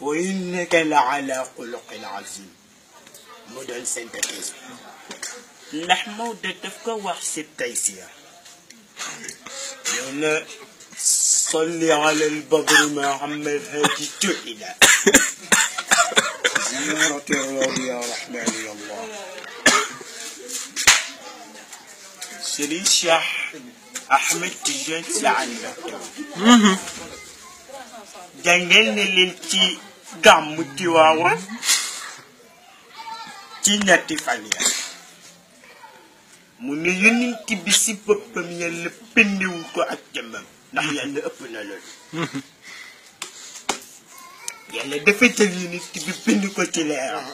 وإنك لعلى خلق العظيم مدن سانتا نحمود نحمو وحسب تايسيا يونا صلي على البدر ما عمل هادي تحيلا زيارة الله يا رحمن يا الله سليش يا حبيبي Ahmed Tidiane Sy Al Maktoum jàngal na leen ci gàmm Tiwaawan ci ñetti fan ya mu ne yonent bi si boppam yàlla pendewu ko ak jëmmam ndax yàlla ëpp na loolu mhm. yàlla dafa jël yonent bi bind ko ci leeram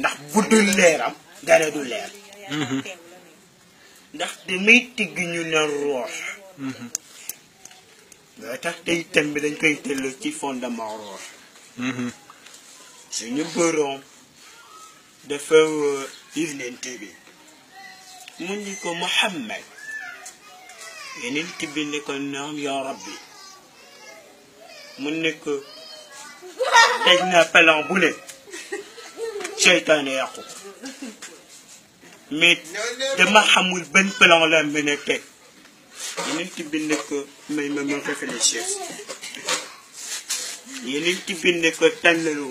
ndax bu dul leeram dara du leer mhm. ndax damay tigg ñu ne roox loo mhm. tax tey thème bi dañ koy tëllu ci fondement roox mhm. suñu boroom dafa euh, yonent bi mu ni ko Muhammad yonent bi ne ko naam yaa rabbi mu ne ko naa palan bu ne seytaane yàqu mais dama xamul ban plan la mën a teg yeneen ti ko may ma ma réfléchir yeneen ti bi ne ko tànnal